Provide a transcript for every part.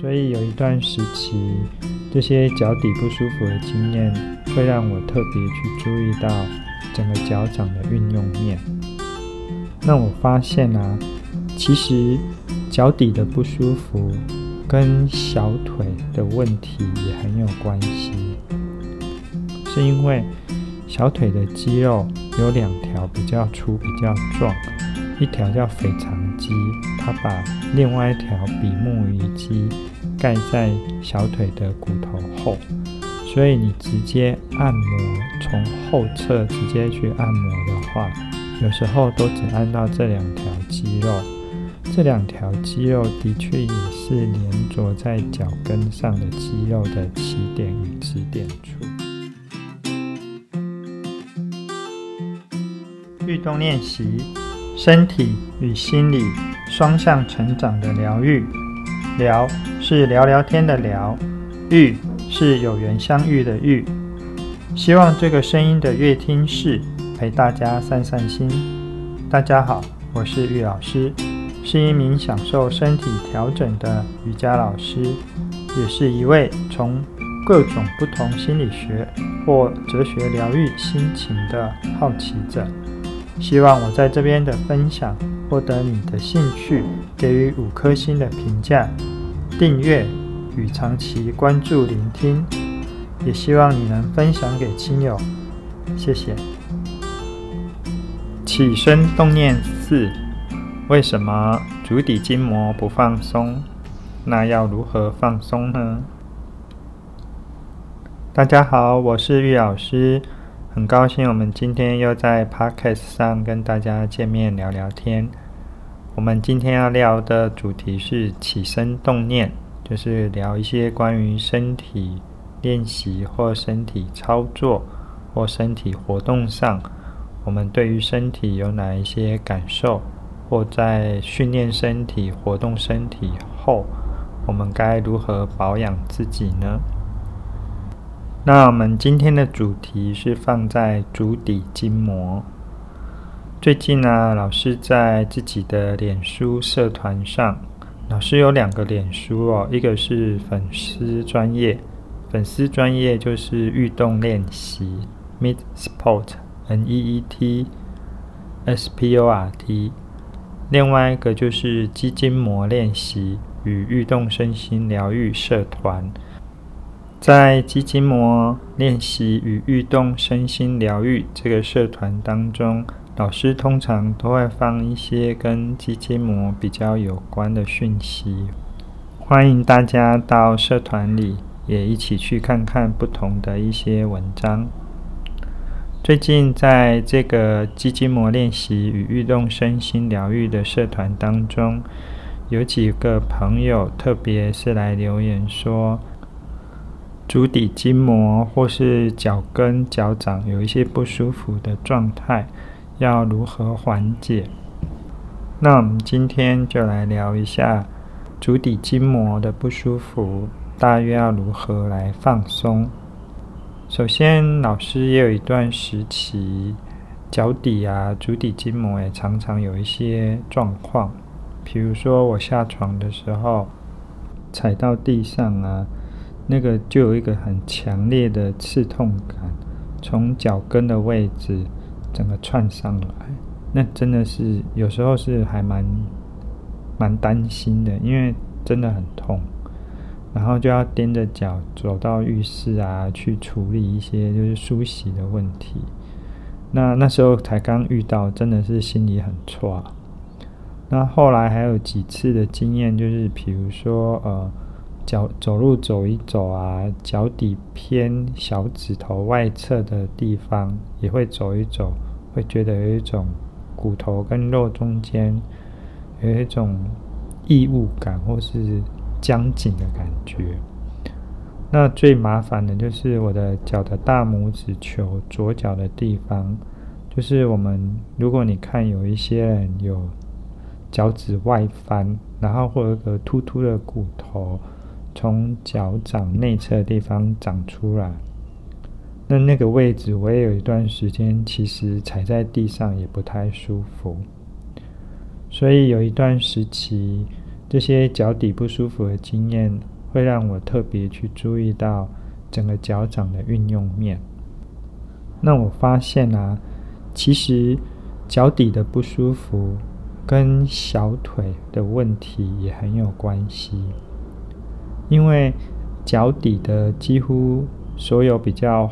所以有一段時期，這些腳底不舒服的經驗，會讓我特別去注意到整個腳掌的運用面。那我發現啊，其實腳底的不舒服跟小腿的問題也很有關係，是因為小腿的肌肉有兩條比較粗、比較壯。一條叫腓腸肌，它把另外一條比目魚肌蓋在小腿的骨頭後，所以你直接按摩，從後側直接去按摩的話，有時候都只按到這兩條肌肉。這兩條肌肉的確也是連着在腳跟上的肌肉的起點與止點處。律動練習。身體與心理雙向成長的療癒，聊是聊聊天的聊，癒是有緣相遇的癒。希望這個聲音的樂聽室陪大家散散心。大家好，我是玉老師，是一名享受身體調整的瑜伽老師，也是一位從各種不同心理學或哲學療癒心情的好奇者。希望我在這邊的分享獲得你的興趣，給予五顆星的評價、訂閱與長期關注聆聽，也希望你能分享給親友，謝謝。起身動念四，為什麼足底筋膜不放鬆？那要如何放鬆呢？大家好，我是玉老師。很高興我們今天又在 podcast 上跟大家見面聊聊天。我們今天要聊的主題是起身動念，就是聊一些關於身體練習或身體操作或身體活動上，我們對於身體有哪一些感受，或在訓練身體、活動身體後，我們該如何保養自己呢？那我們今天的主題是放在足底筋膜。最近呢、啊，老師在自己的臉書社團上，老師有兩個臉書哦，一個是粉絲專業，粉絲專業就是運動練習，meet sport M E E T S P O R T，另外一個就是肌筋膜練習與運動身心療癒社團。在肌筋膜練習與運動身心療癒這個社團當中，老師通常都會放一些跟肌筋膜比較有關的訊息，歡迎大家到社團裡也一起去看看不同的一些文章。最近在這個肌筋膜練習與運動身心療癒的社團當中，有幾個朋友特別是來留言說。足底筋膜或是腳跟、腳掌有一些不舒服的狀態，要如何緩解？那我們今天就來聊一下足底筋膜的不舒服，大約要如何來放鬆。首先，老師也有一段時期，腳底啊、足底筋膜也常常有一些狀況，譬如說我下床的時候踩到地上啊，那個就有一個很強烈的刺痛感，從腳跟的位置整個竄上來，那真的是有時候是還蠻蠻擔心的，因為真的很痛，然後就要踮着腳走到浴室啊去處理一些就是梳洗的問題。那那時候才剛遇到，真的是心裡很挫。那後來還有幾次的經驗，就是比如說呃。腳走路走一走啊，腳底偏小指頭外側的地方也會走一走，會覺得有一種骨頭跟肉中間有一種異物感或是僵緊的感覺。那最麻煩的就是我的腳的大拇指球，左腳的地方，就是我們如果你看有一些人有腳趾外翻，然後或者一個突突的骨頭。從腳掌內側的地方長出來，那那個位置我也有一段時間，其實踩在地上也不太舒服，所以有一段時期，這些腳底不舒服的經驗會讓我特別去注意到整個腳掌的運用面。那我發現啊，其實腳底的不舒服跟小腿的問題也很有關係。因為腳底的幾乎所有比較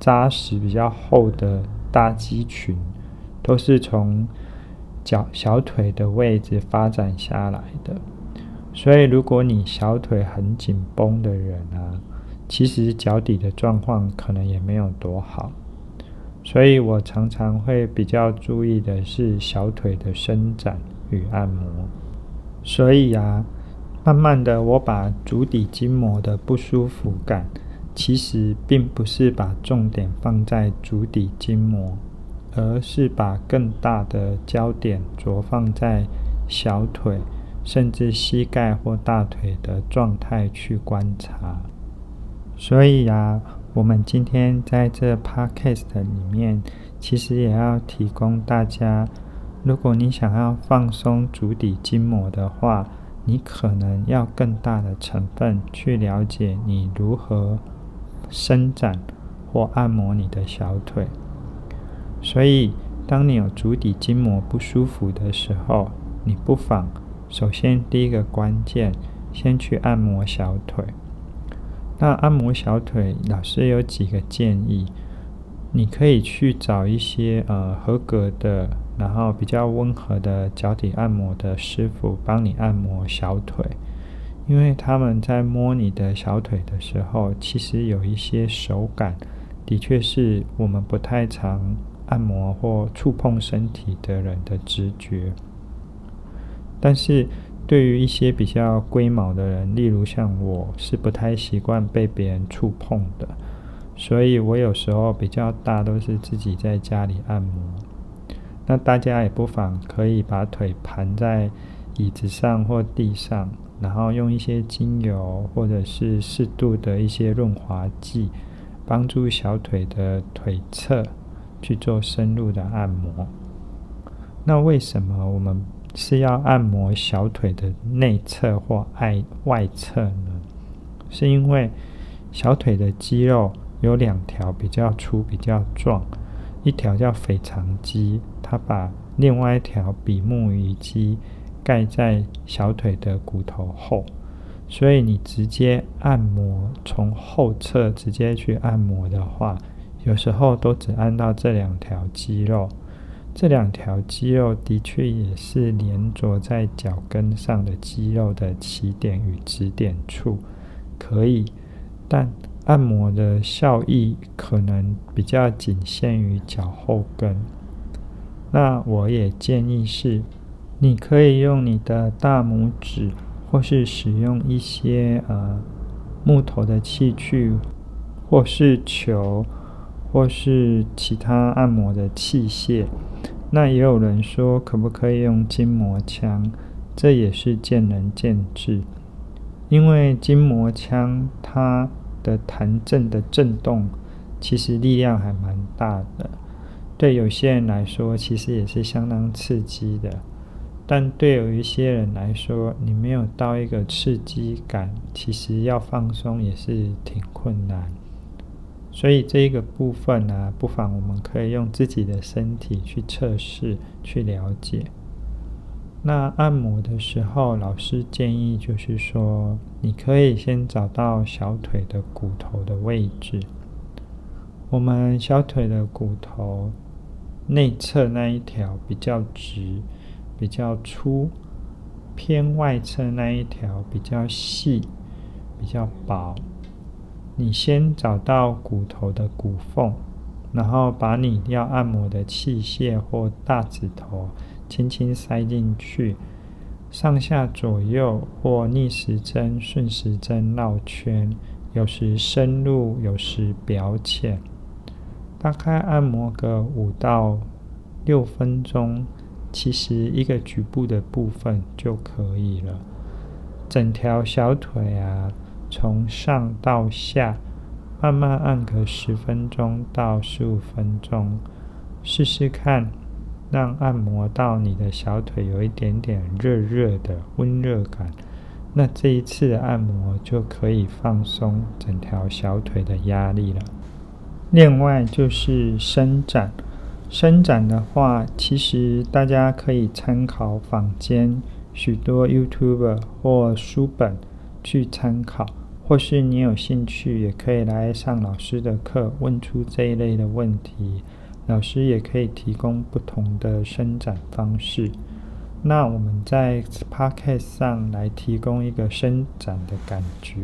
紮實、比較厚的大肌群，都是從腳小腿的位置發展下來的，所以如果你小腿很緊繃的人啊，其實腳底的狀況可能也沒有多好，所以我常常會比較注意的是小腿的伸展與按摩，所以啊。慢慢的，我把足底筋膜的不舒服感，其實並不是把重點放在足底筋膜，而是把更大的焦點着放在小腿，甚至膝蓋或大腿的狀態去觀察。所以呀、啊，我們今天在這 podcast 裡面，其實也要提供大家，如果你想要放鬆足底筋膜的話。你可能要更大的成分去了解你如何伸展或按摩你的小腿。所以，當你有足底筋膜不舒服的時候，你不妨首先第一個關鍵先去按摩小腿。那按摩小腿，老師有幾個建議，你可以去找一些呃合格的。然後比較溫和的腳底按摩的師傅幫你按摩小腿，因為他們在摸你的小腿的時候，其實有一些手感，的確是我們不太常按摩或觸碰身體的人的直覺。但是對於一些比較龜毛的人，例如像我是不太習慣被別人觸碰的，所以我有時候比較大都是自己在家裡按摩。那大家也不妨可以把腿盤在椅子上或地上，然後用一些精油或者是適度的一些潤滑劑，幫助小腿的腿側去做深入的按摩。那為什麼我們是要按摩小腿的內側或外側呢？是因為小腿的肌肉有兩條比較粗，比較壯。一條叫腓腸肌，它把另外一條比目魚肌蓋在小腿的骨頭後，所以你直接按摩，從後側直接去按摩的話，有時候都只按到這兩條肌肉。這兩條肌肉的確也是連着在腳跟上的肌肉的起點與止點處，可以，但。按摩的效益可能比較僅限於腳後跟。那我也建議是，你可以用你的大拇指，或是使用一些呃木頭的器具，或是球，或是其他按摩的器械。那也有人說，可不可以用筋膜槍？這也是見仁見智，因為筋膜槍它。的彈震的震動，其實力量還蠻大的。對有些人來說，其實也是相當刺激的。但對有一些人來說，你沒有到一個刺激感，其實要放鬆也是挺困難。所以這一個部分呢、啊，不妨我們可以用自己的身體去測試、去了解。那按摩的時候，老師建議就是說，你可以先找到小腿的骨頭的位置。我們小腿的骨頭內側那一條比較直、比較粗，偏外側那一條比較細、比較薄。你先找到骨頭的骨縫，然後把你要按摩的器械或大指頭。輕輕塞進去，上下左右或逆時針、順時針繞圈，有時深入，有時表淺，大概按摩個五到六分鐘，其實一個局部的部分就可以了。整條小腿啊，從上到下，慢慢按個十分鐘到十五分鐘，試試看。讓按摩到你的小腿有一點點熱熱的溫熱感，那這一次的按摩就可以放鬆整條小腿的壓力了。另外就是伸展，伸展的話，其實大家可以參考坊間許多 YouTuber 或書本去參考，或是你有興趣也可以來上老師的課，問出這一類的問題。老師也可以提供不同的伸展方式。那我們在 Spark 上來提供一個伸展的感覺。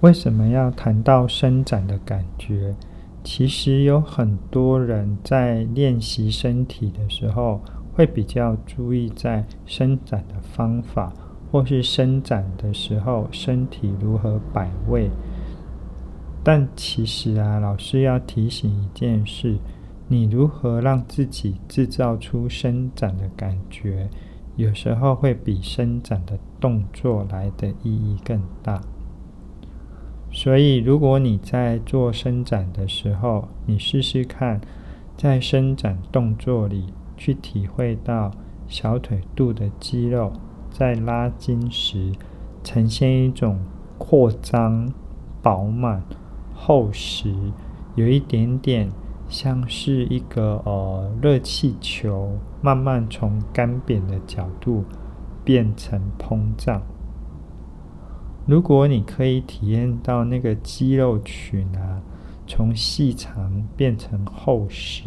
為什麼要談到伸展的感覺？其實有很多人在練習身體的時候，會比較注意在伸展的方法，或是伸展的時候身體如何擺位。但其實啊，老師要提醒一件事，你如何讓自己制造出伸展的感覺，有時候會比伸展的動作來的意義更大。所以，如果你在做伸展的時候，你試試看，在伸展動作裡去體會到小腿肚的肌肉在拉筋時呈現一種擴張、飽滿。厚實，有一點點像是一個呃，熱氣球，慢慢從乾扁的角度變成膨脹。如果你可以體驗到那個肌肉群啊，從細長變成厚實，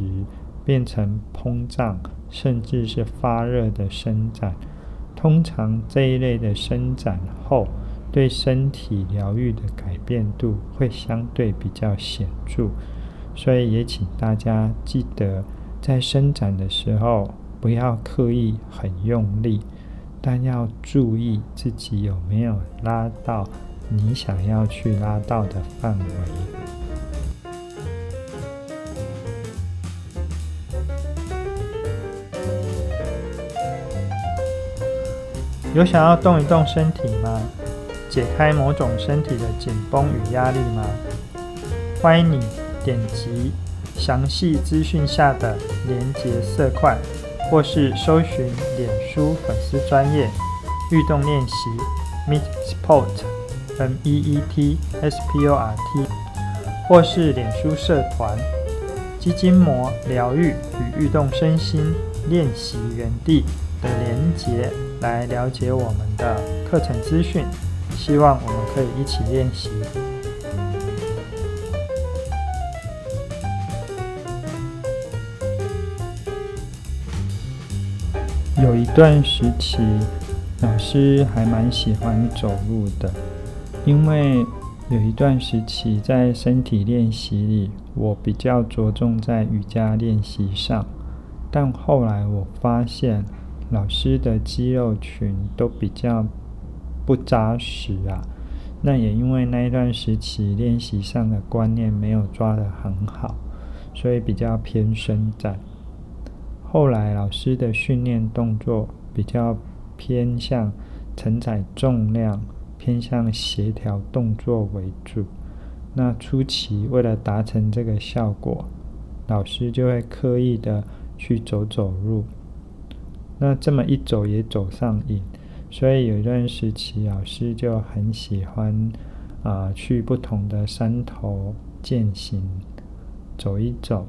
變成膨脹，甚至是發熱的伸展，通常這一類的伸展後。對身體療癒的改變度會相對比較顯著，所以也請大家記得在伸展的時候不要刻意很用力，但要注意自己有沒有拉到你想要去拉到的範圍。有想要動一動身體嗎？解開某種身體的緊繃與壓力嗎？歡迎你點擊詳細資訊下的連接色塊，或是搜尋臉書粉絲專頁運動練習 Meet Sport M E E T S P O R T，或是臉書社團“肌筋膜療愈與運動身心練習園地”的連接來了解我們的課程資訊。希望我們可以一起練習。有一段時期，老師還蠻喜歡走路的，因為有一段時期在身體練習裡，我比較着重在瑜伽練習上，但後來我發現老師的肌肉群都比較。不扎實啊，那也因為那一段時期練習上的觀念沒有抓得很好，所以比較偏伸展。後來老師的訓練動作比較偏向承載重量、偏向協調動作為主。那初期為了達成這個效果，老師就會刻意的去走走路，那這麼一走也走上癮。所以有一段時期，老師就很喜歡啊、呃，去不同的山頭健行走一走，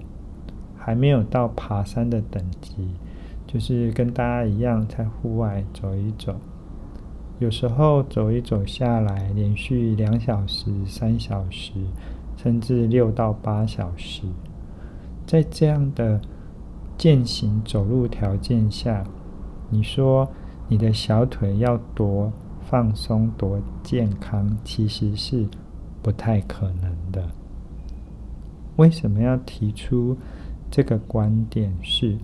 還沒有到爬山的等級，就是跟大家一樣在戶外走一走。有時候走一走下來，連續兩小時、三小時，甚至六到八小時，在這樣的健行走路條件下，你說？你的小腿要多放鬆、多健康，其實是不太可能的。為什麼要提出這個觀點是？是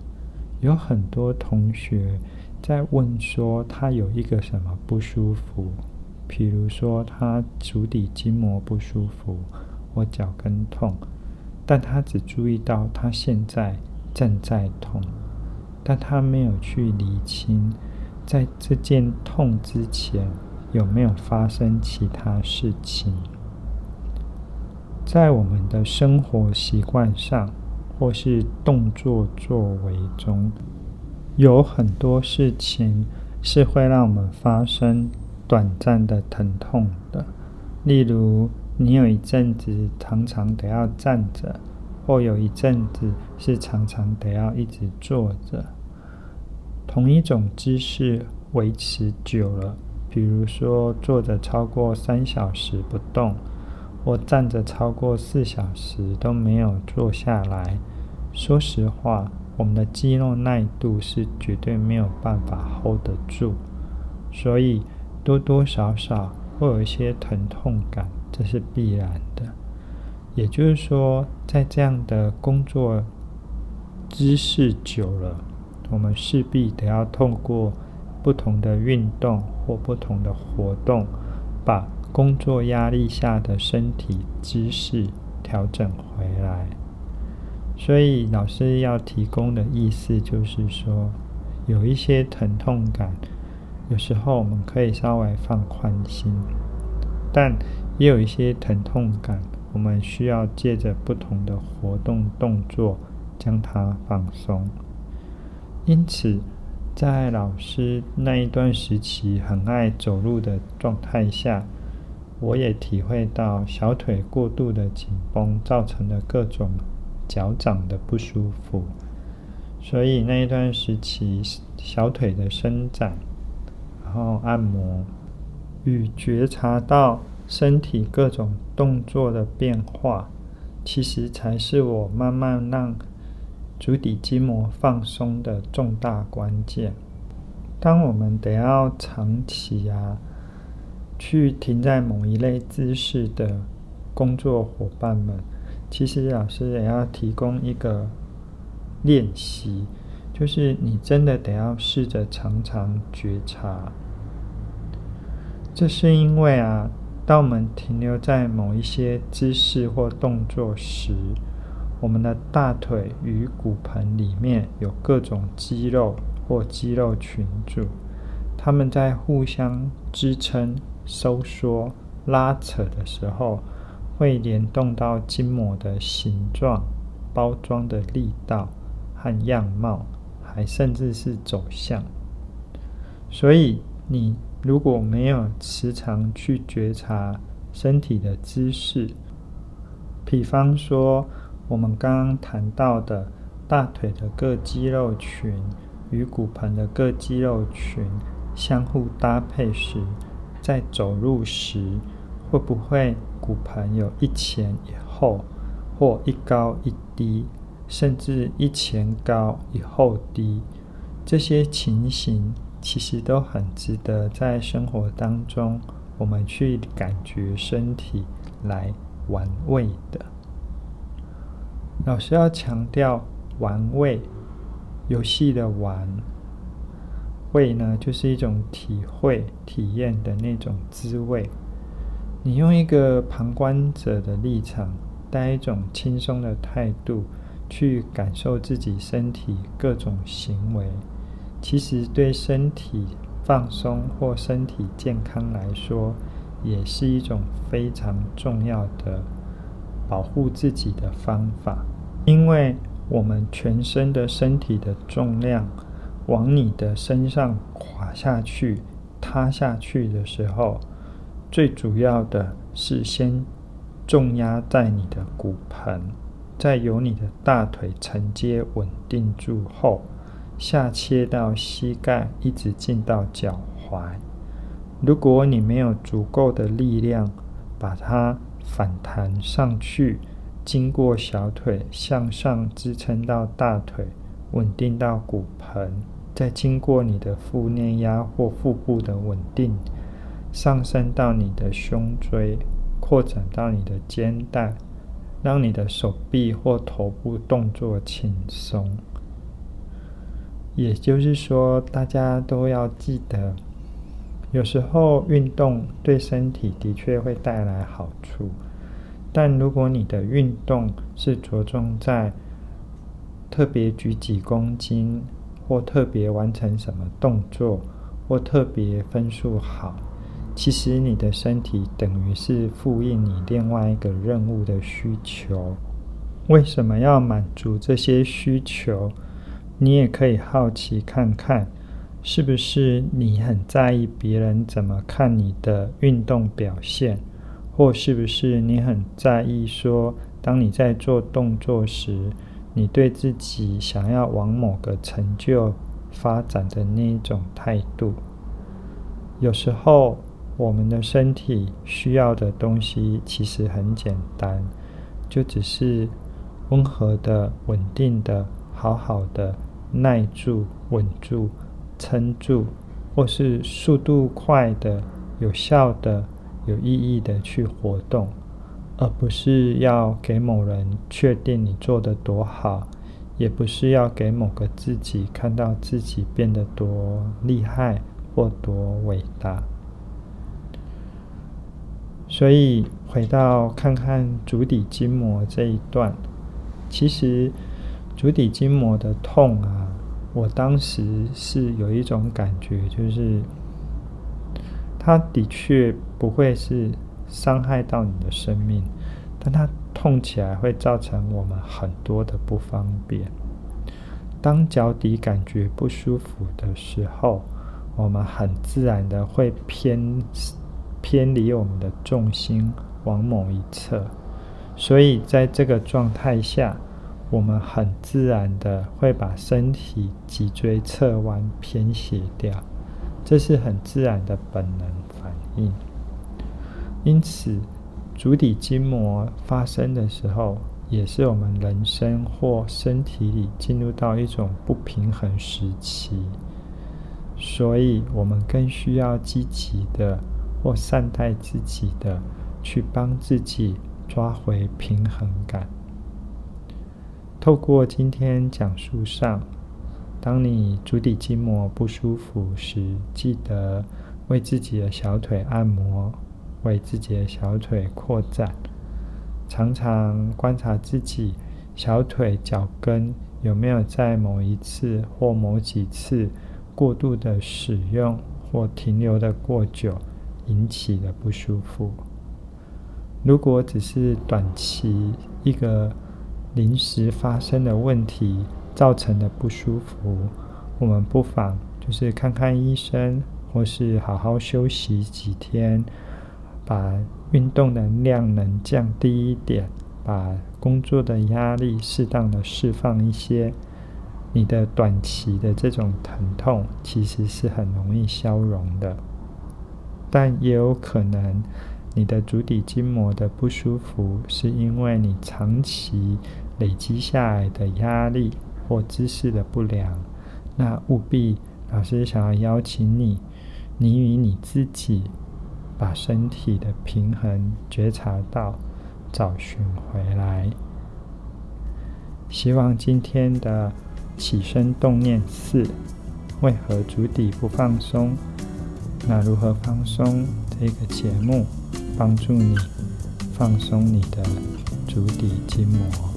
有很多同學在問說，他有一個什麼不舒服，譬如說他足底筋膜不舒服或腳跟痛，但他只注意到他現在正在痛，但他沒有去釐清。在這件痛之前，有沒有發生其他事情？在我們的生活習慣上，或是動作作為中，有很多事情是會讓我們發生短暫的疼痛的。例如，你有一陣子常常得要站着，或有一陣子是常常得要一直坐着。同一種姿勢維持久了，比如說坐着超過三小時不動，或站着超過四小時都沒有坐下來，說實話，我們的肌肉耐度是絕對沒有辦法 hold 得住，所以多多少少會有一些疼痛感，這是必然的。也就是說，在這樣的工作姿勢久了，我們勢必得要透過不同的運動或不同的活動，把工作壓力下的身體姿勢調整回來。所以老師要提供的意思就是說，有一些疼痛感，有時候我們可以稍微放寬心，但也有一些疼痛感，我們需要借着不同的活動動作將它放鬆。因此，在老師那一段時期很愛走路的狀態下，我也體會到小腿過度的緊繃造成了各種腳掌的不舒服。所以那一段時期，小腿的伸展，然後按摩，與覺察到身體各種動作的變化，其實才是我慢慢讓足底筋膜放鬆的重大關鍵。當我們得要長期啊，去停在某一類姿勢的工作夥伴們，其實老師也要提供一個練習，就是你真的得要試着常常覺察。這是因為啊，當我們停留在某一些姿勢或動作時。我們的大腿與骨盆裡面有各種肌肉或肌肉群組，它們在互相支撐、收縮、拉扯的時候，會聯動到筋膜的形狀、包裝的力道和樣貌，還甚至是走向。所以，你如果沒有時常去覺察身體的姿勢，比方說。我們剛剛談到的大腿的各肌肉群與骨盆的各肌肉群相互搭配時，在走路時會不會骨盆有一前一後，或一高一低，甚至一前高、一後低？這些情形其實都很值得在生活當中我們去感覺身體來玩味的。老師要強調玩味，遊戲的玩味呢，就是一種體會、體驗的那種滋味。你用一個旁觀者的立場，帶一種輕鬆的態度，去感受自己身體各種行為，其實對身體放鬆或身體健康來說，也是一種非常重要的保護自己的方法。因為我們全身的身體的重量，往你的身上垮下去、塌下去的時候，最主要的是先重壓在你的骨盆，再由你的大腿承接、穩定住後下切到膝蓋，一直進到腳踝。如果你沒有足夠的力量把它反彈上去，經過小腿向上支撐到大腿，穩定到骨盆，再經過你的腹內壓或腹部的穩定，上升到你的胸椎，擴展到你的肩帶，讓你的手臂或頭部動作輕鬆。也就是說，大家都要記得，有時候運動對身體的確會帶來好處。但如果你的運動是着重在特別舉幾公斤，或特別完成什麼動作，或特別分數好，其實你的身體等於是複印你另外一個任務的需求。為什麼要滿足這些需求？你也可以好奇看看，是不是你很在意別人怎麼看你的運動表現？或是不是你很在意說，當你在做動作時，你對自己想要往某個成就發展的那一種態度有時候我們的身體需要的東西其實很簡單，就只是溫和的、穩定的、好好的耐住、穩住、撐住，或是速度快的、有效的。有意義的去活動，而不是要給某人確定你做得多好，也不是要給某個自己看到自己變得多厲害或多偉大。所以回到看看足底筋膜這一段，其實足底筋膜的痛啊，我當時是有一種感覺，就是。它的確不會是傷害到你的生命，但它痛起來會造成我們很多的不方便。當腳底感覺不舒服的時候，我們很自然的會偏偏離我們的重心往某一側，所以在這個狀態下，我們很自然的會把身體脊椎側彎偏斜掉。這是很自然的本能反應，因此足底筋膜發生的時候，也是我們人生或身體裡進入到一種不平衡時期，所以我們更需要積極的或善待自己的，去幫自己抓回平衡感。透過今天講述上。當你足底筋膜不舒服時，記得為自己的小腿按摩，為自己的小腿擴展。常常觀察自己小腿腳跟有沒有在某一次或某幾次過度的使用或停留的過久引起的不舒服。如果只是短期一個臨時發生的問題，造成的不舒服，我們不妨就是看看醫生，或是好好休息幾天，把運動的量能降低一點，把工作的壓力適當的釋放一些。你的短期的這種疼痛其實是很容易消融的，但也有可能你的足底筋膜的不舒服是因為你長期累積下來的壓力。或姿勢的不良，那務必老師想要邀請你，你與你自己，把身體的平衡覺察到，找尋回來。希望今天的起身動念四，為何足底不放鬆？那如何放鬆這個節目，幫助你放鬆你的足底筋膜。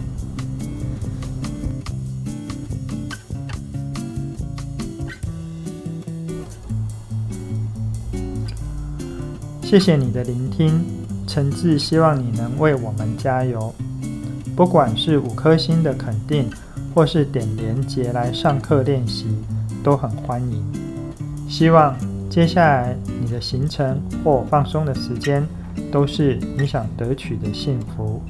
謝謝你的聆聽，誠摯希望你能為我們加油。不管是五顆星的肯定，或是點連結來上課練習，都很歡迎。希望接下來你的行程或放鬆的時間，都是你想得取的幸福。